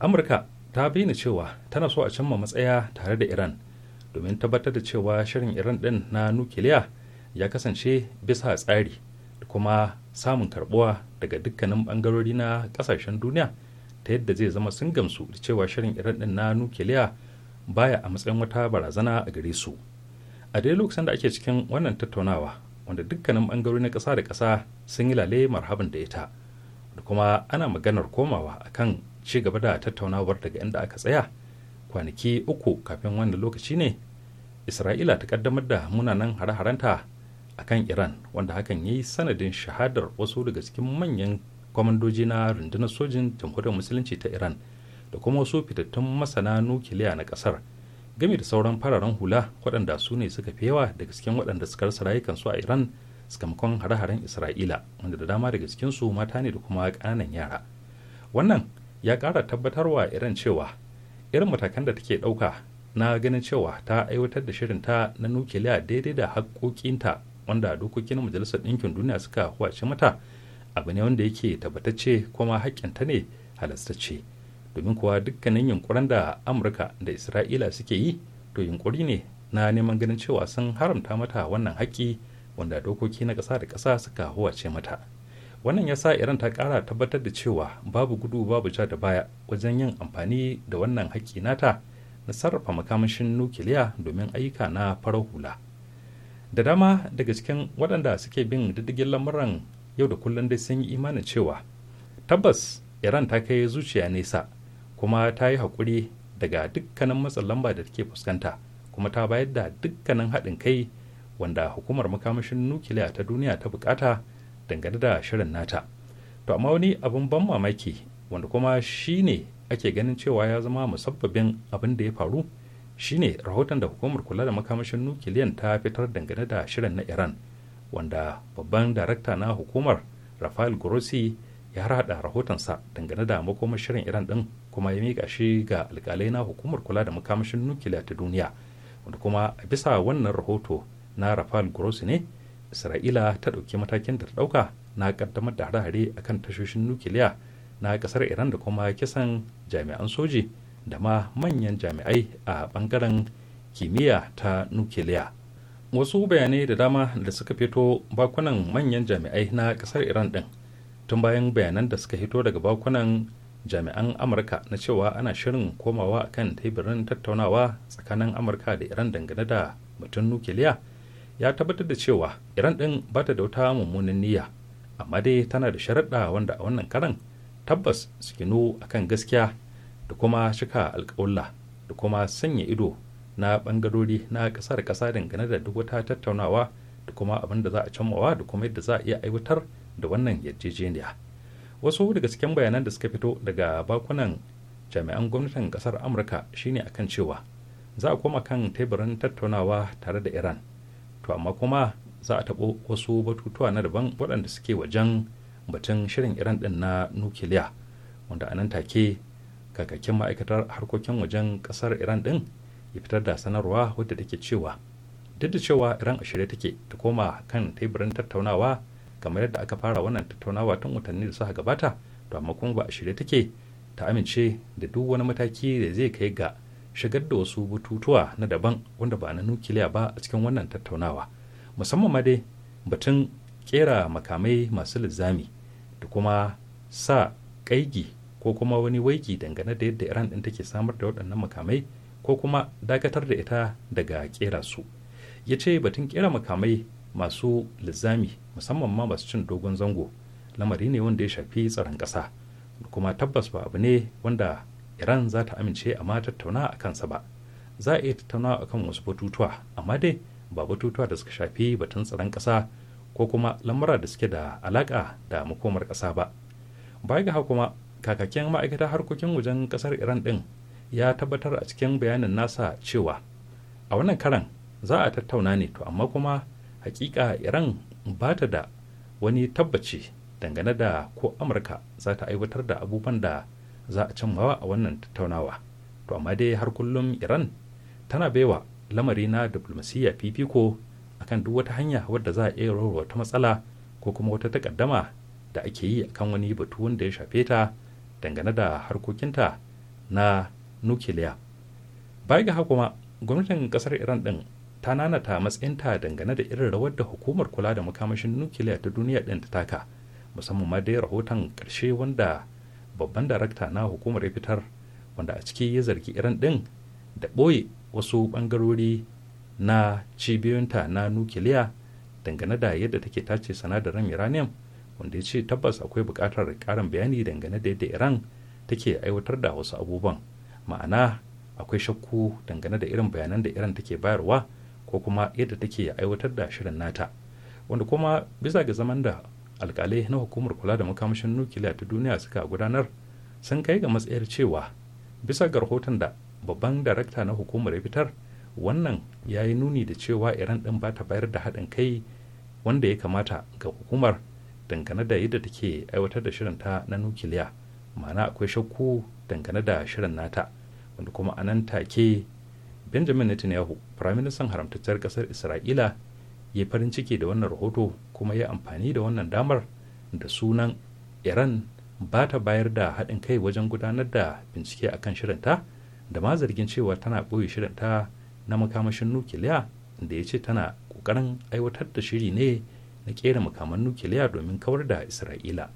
amurka ta bayyana cewa tana so a cimma matsaya tare da iran domin tabbatar da cewa shirin iran din na nukiliya ya kasance bisa tsari kuma samun karbuwa daga dukkanin bangarori na kasashen duniya ta yadda zai zama sun gamsu da cewa shirin iran din na nukiliya baya a matsayin wata barazana a gare su a dai lokacin da ake cikin wannan tattaunawa wanda dukkanin bangarori na kasa da kasa sun yi lale marhaban da ita da kuma ana maganar komawa akan ci gaba da tattaunawar daga inda aka tsaya kwanaki uku kafin wannan lokaci ne isra'ila ta kaddamar da munanan hare-harenta akan iran wanda hakan ya yi sanadin shahadar wasu daga cikin manyan kwamandoji na rundunar sojin jamhuriyar musulunci ta iran da kuma wasu fitattun masana nukiliya na kasar game da sauran fararen hula waɗanda su ne suka fi yawa daga cikin waɗanda suka rasa rayukansu a iran sakamakon hare-haren isra'ila wanda da dama daga cikin su mata ne da kuma ƙananan yara wannan ya ƙara tabbatarwa iran cewa irin matakan da take ɗauka na ganin cewa ta aiwatar da shirinta na nukiliya daidai da haƙƙoƙinta wanda dokokin majalisar ɗinkin duniya suka huwace mata abu ne wanda yake tabbatacce kuma haƙƙinta ne halastacce domin kuwa dukkanin yunkurin da amurka da isra'ila suke yi to yunkuri ne na neman ganin cewa sun haramta mata wannan haƙƙi wanda dokoki na ƙasa da ƙasa suka huwace mata wannan ya sa iran ta ƙara tabbatar da cewa babu gudu babu ja da baya wajen yin amfani da wannan haƙƙi nata na sarrafa makamashin nukiliya domin ayyuka na farar hula. da dama daga cikin waɗanda suke bin diddigin lamuran yau da kullum dai sun yi imanin cewa tabbas iran ta kai zuciya nesa kuma ta yi haƙuri daga dukkanin matsin lamba da take fuskanta kuma ta bayar da dukkanin haɗin kai wanda hukumar makamashin nukiliya ta duniya ta bukata dangane da shirin nata to amma wani abin ban mamaki wanda kuma shi ne ake ganin cewa ya zama musabbabin abin da ya faru shine rahoton da hukumar kula da makamashin nukiliyan ta fitar dangane da shirin na iran wanda babban darakta na hukumar rafael grossi ya rada rahotonsa dangane da makomar shirin iran din kuma ya mika shi ga alkalai na hukumar kula da makamashin nukiliya ta duniya wanda kuma a bisa wannan rahoto na rafael grossi ne isra'ila ta ɗauki matakin da ta ɗauka na ƙaddamar da hare-hare akan tashoshin nukiliya na ƙasar iran da kuma kisan jami'an soji da ma manyan jami'ai a bangaren kimiyya ta nukiliya wasu bayanai da dama da suka fito bakunan manyan jami'ai na kasar iran din tun bayan bayanan da suka fito daga bakunan jami'an amurka na cewa ana shirin komawa a kan teburin tattaunawa tsakanin amurka da iran dangane da mutum nukiliya ya tabbatar da cewa iran din ba ta da wata mummunan niyya amma dai tana da sharaɗa wanda a wannan karan tabbas su ginu akan gaskiya da kuma shika alƙawalla da kuma sanya ido na ɓangarori na ƙasar ƙasa dangane da duk wata tattaunawa da kuma abin da za a cimmawa da kuma yadda za a iya aiwatar da wannan yarjejeniya wasu daga cikin bayanan da suka fito daga bakunan jami'an gwamnatin ƙasar amurka shine akan cewa za a koma kan teburin tattaunawa tare da iran to amma kuma za a taɓo wasu batutuwa na daban waɗanda suke wajen batun shirin iran ɗin na nukiliya wanda a nan take kakakin ma'aikatar harkokin wajen kasar iran din ya fitar da sanarwa wadda take cewa duk da cewa iran a shirye take ta koma kan teburin tattaunawa kamar yadda aka fara wannan tattaunawa tun watanni da suka gabata to amma kuma ba a shirye take ta amince da duk wani mataki da zai kai ga shigar da wasu bututuwa na daban wanda ba na nukiliya ba a cikin wannan tattaunawa musamman ma dai batun kera makamai masu linzami da kuma sa kaigi ko kuma wani waiki dangane da yadda iran ɗin take samar da waɗannan makamai ko kuma dakatar da ita daga kera su ya ce batun kera makamai masu lizami musamman ma masu cin dogon zango lamari ne wanda ya shafi tsaron ƙasa kuma tabbas ba abu ne wanda iran za ta amince amma ma tattauna a kansa ba za a iya tattauna a kan wasu batutuwa amma dai ba batutuwa da suka shafi batun tsaron ƙasa ko kuma lamura da suke da alaƙa da makomar ƙasa ba baya ga kuma kakakken ma'aikatar harkokin wajen kasar iran din ya tabbatar a cikin bayanin nasa cewa a wannan karan za a tattauna ne to amma kuma hakika iran ba ta da wani tabbaci dangane da ko amurka za ta aiwatar da abubuwan da za a cimmawa a wannan tattaunawa to amma dai har kullum iran tana baiwa lamari na diplomasiyya fifiko akan duk wata hanya wadda za a iya wata matsala ko kuma wata takaddama da ake yi akan wani batu wanda ya shafe ta dangane da harkokinta na nukiliya baya ga kuma gwamnatin kasar iran din ta nanata matsayinta dangane da irin rawar da hukumar kula da makamashin nukiliya ta duniya din ta taka musamman ma dai rahoton ƙarshe wanda babban darakta na hukumar ya fitar wanda a ciki ya zargi iran din da ɓoye wasu ɓangarori na cibiyoyinta na nukiliya dangane da yadda take tace sinadarin uranium wanda ya ce tabbas akwai buƙatar ƙarin bayani dangane da yadda iran take aiwatar da wasu abubuwan ma'ana akwai shakku dangane da irin bayanan da iran take bayarwa ko kuma yadda take aiwatar da shirin nata wanda kuma bisa ga zaman da alkalai na hukumar kula da makamashin nukiliya ta duniya suka gudanar sun kai ga matsayar cewa bisa ga rahoton da babban darakta na hukumar ya fitar wannan ya yi nuni da cewa iran din ba ta bayar da haɗin kai wanda ya kamata ga hukumar dangane da yadda take aiwatar da shirin ta na nukiliya ma'ana akwai shakku dangane da shirin nata wanda kuma a nan take benjamin netanyahu firaministan haramtattar kasar isra'ila ya farin ciki da wannan rahoto kuma ya amfani da wannan damar da sunan iran ba ta bayar da haɗin kai wajen gudanar da bincike a kan ta da ma zargin cewa tana ɓoye ta na makamashin nukiliya da ya ce tana ƙoƙarin aiwatar da shiri ne na kera makaman nukiliya domin kawar da isra'ila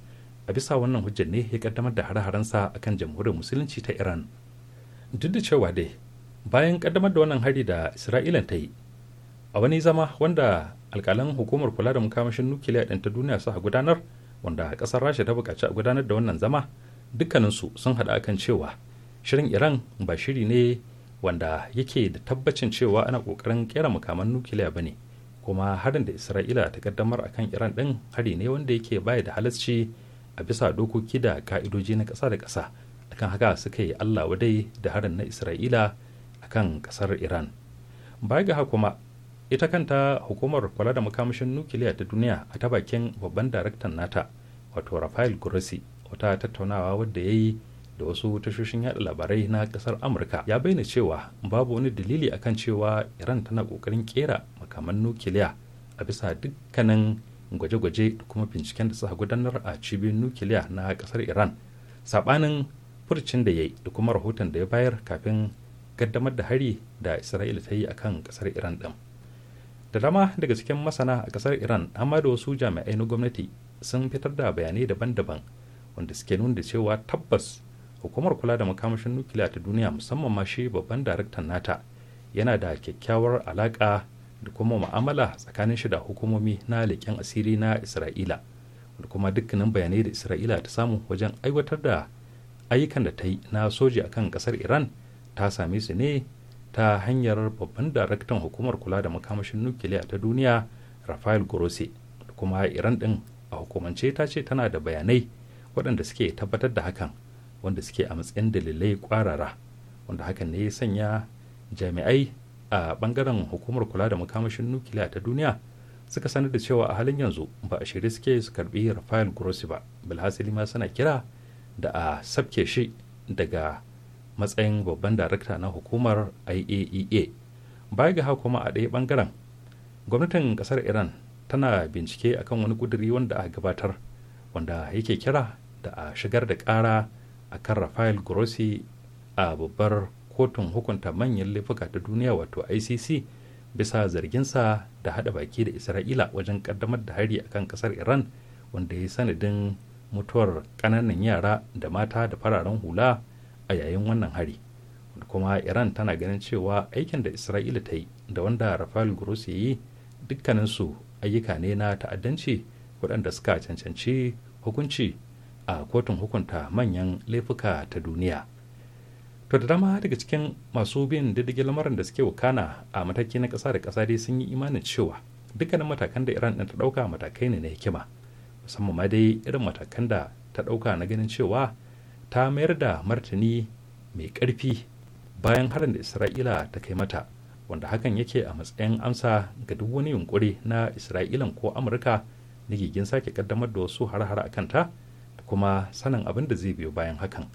a bisa wannan hujjar ne ya kaddamar da hare-harensa a kan jamhuriyar musulunci ta iran duk da cewa dai bayan kaddamar da wannan hari da isra'ila ta yi a wani zama wanda alkalan hukumar kula da makamashin nukiliya ɗin ta duniya suka gudanar wanda ƙasar rasha ta buƙaci a gudanar da wannan zama dukkaninsu sun haɗa akan cewa shirin iran ba shiri ne wanda yake da tabbacin cewa ana ƙoƙarin kera makaman nukiliya ba ne kuma harin da isra'ila ta kaddamar a kan iran ɗin hari ne wanda yake bai da halasci a bisa dokoki da ka'idoji na ƙasa da ƙasa akan haka suka yi allah wadai da harin na isra'ila a kan ƙasar iran baya ga kuma ita kanta hukumar kula da makamashin nukiliya ta duniya a ta bakin babban daraktan nata wato rafael grossi wata tattaunawa wadda ya yi da wasu tashoshin yada labarai na kasar amurka ya bayyana cewa babu wani dalili akan cewa iran tana kokarin kera makaman nukiliya a bisa dukkanin gwaje-gwaje da kuma binciken da suka gudanar a cibiyar nukiliya na kasar iran sabanin furcin da ya yi da kuma rahoton da ya bayar kafin gaddamar da hari da isra'ila ta yi a kan kasar iran din da dama daga cikin masana a kasar iran amma da wasu jami'ai na gwamnati sun fitar da bayanai daban-daban wanda suke nuna cewa tabbas hukumar kula da makamashin nukiliya ta duniya musamman ma shi babban daraktan nata yana da kyakkyawar alaƙa da kuma ma'amala tsakanin shi da hukumomi na leƙen asiri na isra'ila da kuma dukkanin bayanai da isra'ila ta samu wajen aiwatar da ayyukan da ta yi na soji akan ƙasar iran ta same su ne ta hanyar babban daraktan hukumar kula da makamashin nukiliya ta duniya rafael grossi da kuma iran din a hukumance ta ce tana da bayanai waɗanda suke tabbatar da hakan wanda suke a matsayin dalilai kwarara wanda hakan ne ya sanya jami'ai a bangaren hukumar kula da makamashin nukiliya ta duniya suka sanar da cewa a halin yanzu ba a shirye suke su karbi rafael grossi ba bilhassali ma suna kira da a sabke shi daga matsayin babban darakta na hukumar iaea e baya ga haka kuma a ɗaya bangaren gwamnatin kasar iran tana bincike akan wani kuduri wanda a gabatar wanda yake kira da a shigar da ƙara a kan rafael grossi a babbar kotun hukunta manyan laifuka ta duniya wato icc bisa zarginsa da hada baki da isra'ila wajen kaddamar da hari akan kasar iran wanda ya sanadin mutuwar kananan yara da mata da fararen hula a yayin wannan hari kuma iran tana ganin cewa aikin da isra'ila ta yi da wanda rafael grossi ya yi dukkaninsu ayyuka ne na ta'addanci waɗanda suka cancanci hukunci a kotun hukunta manyan laifuka ta duniya to da dama daga cikin masu bin diddigin lamarin da suke wakana a mataki na ƙasa da ƙasa dai sun yi imanin cewa dukkanin matakan da iran ɗin ta ɗauka matakai ne na hikima musamman ma dai irin matakan da ta ɗauka na ganin cewa ta mayar da martani mai ƙarfi bayan harin da isra'ila ta kai mata wanda hakan yake a matsayin amsa ga duk wani yunkuri na isra'ilan ko amurka na gigin sake kaddamar da wasu har-har a kanta kuma sanin abin da zai biyo bayan hakan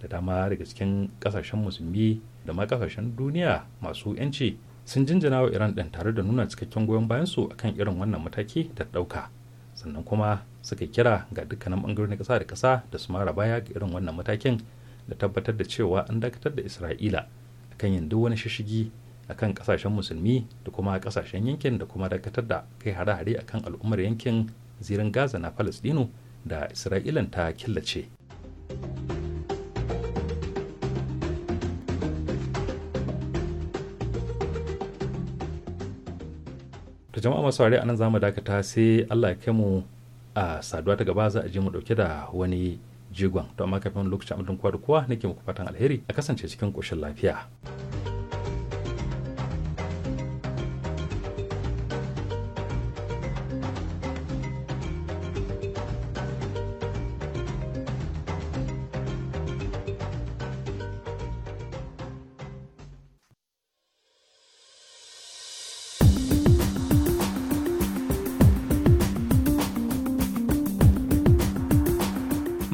da dama daga cikin kasashen musulmi da ma kasashen duniya masu yanci sun jinjina wa iran ɗin tare da nuna cikakken goyon bayan su akan irin wannan mataki da ɗauka sannan kuma suka kira ga dukkanin ɓangarorin ƙasa da ƙasa da su mara baya ga irin wannan matakin da tabbatar da cewa an dakatar da isra'ila akan yin duk wani shishigi akan kasashen musulmi da kuma kasashen yankin da kuma dakatar da kai hare-hare akan al'ummar yankin zirin gaza na dinu. da isra'ilan ta killace da jama'a masu ware anan zamu dakata sai allah ya mu a saduwa ta gaba za a je mu dauke da wani jigon to amma kafin lokacin abin kuwa da kuwa nake muku fatan alheri a kasance cikin koshin lafiya.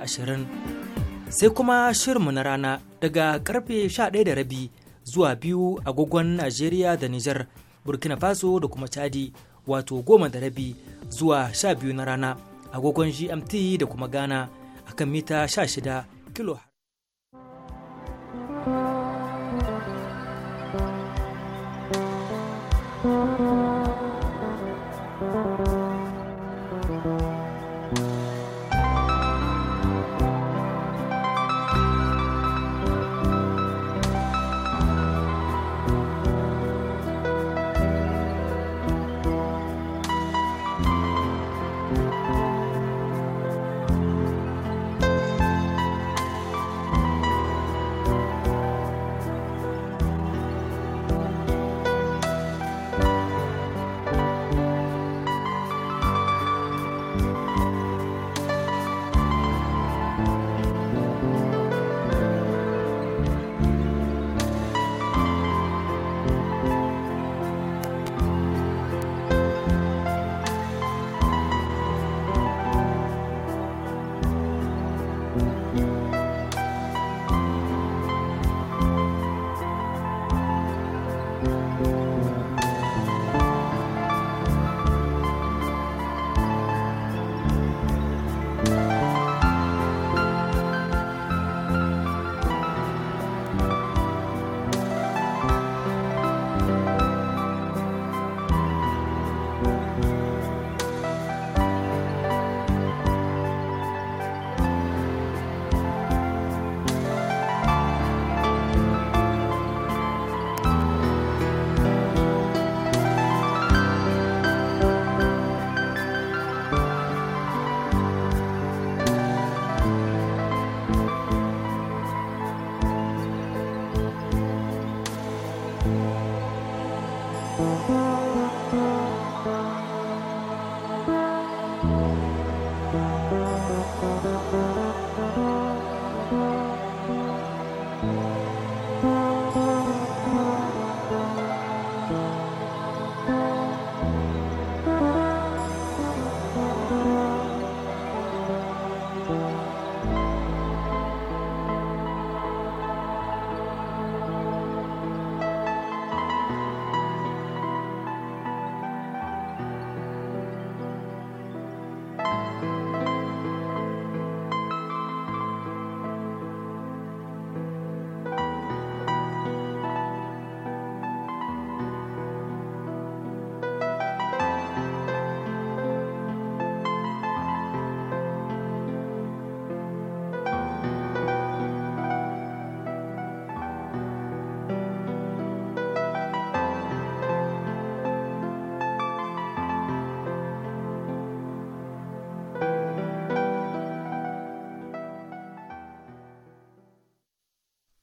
ashirin sai kuma shirinmu na rana daga karfe rabi zuwa biyu agogon Najeriya da Nijar Burkina Faso da kuma Chadi wato goma da rabi zuwa sha biyu na rana agogon GMT da kuma Ghana akan mita 16 kilo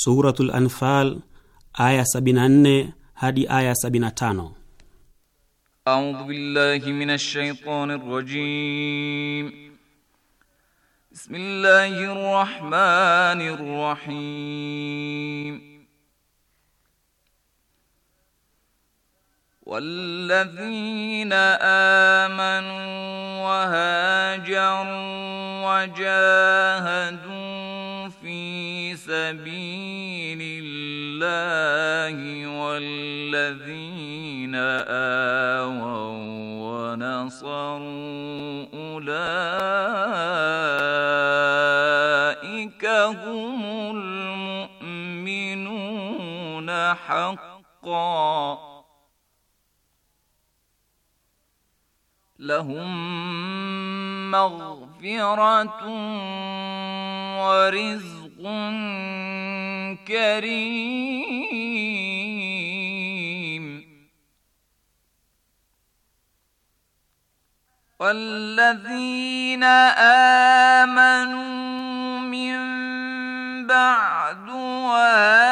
Suratul Anfal aya 74 hadi aya 75. A'udhu billahi minash shaitanir rajim. Bismillahir rahmanir rahim. والذين آمنوا الله والذين آووا ونصروا أولئك هم المؤمنون حقا لهم مغفرة ورزق كريم والذين آمنوا من بعد وآمنوا